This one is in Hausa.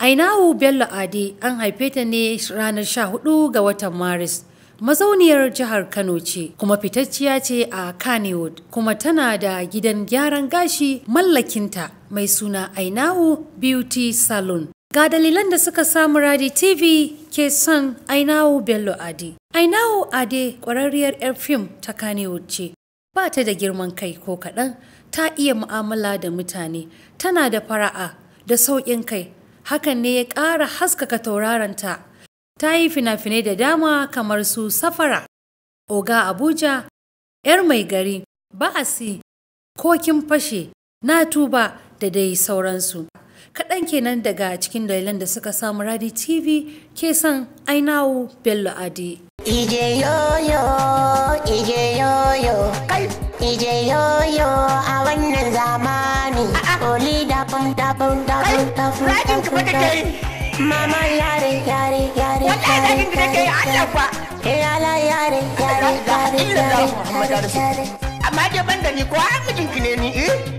Ainahu Bello Ade an haife ta ne ranar 14 ga watan Maris. Mazauniyar jihar Kano ce, kuma fitacciya ce a Kannywood, kuma tana da gidan gyaran gashi mallakinta mai suna Ainahu Beauty Salon. Ga dalilan da suka samu Radi TV ke son Ainahu Bello Ade. Ainahu Ade ƙwararriyar 'yar fim ta Kannywood ce, ba ta da girman kai ko kaɗan, ta iya mu'amala da mutane, tana da fara'a da sauƙin kai hakan ne ya ƙara haskaka tauraronta. Ta yi fina-finai da dama kamar su Safara, Oga Abuja, ‘Yar mai gari, Ba'asi, Kokin fashe, Na tuba da dai sauransu. Kaɗan kenan daga cikin dalilan da suka samu Radi TV ke son ainawo Bello Adi. Ije yoyo, ije yoyo, ije yoyo a wannan zama. mu oli dabam dabon dabon dabon rajin ki fata mama yare yare yare wallahi rajin ki take Allah fa yala eh, yare yare yare yare amma da ban da ni ko har mijinki ne ni eh?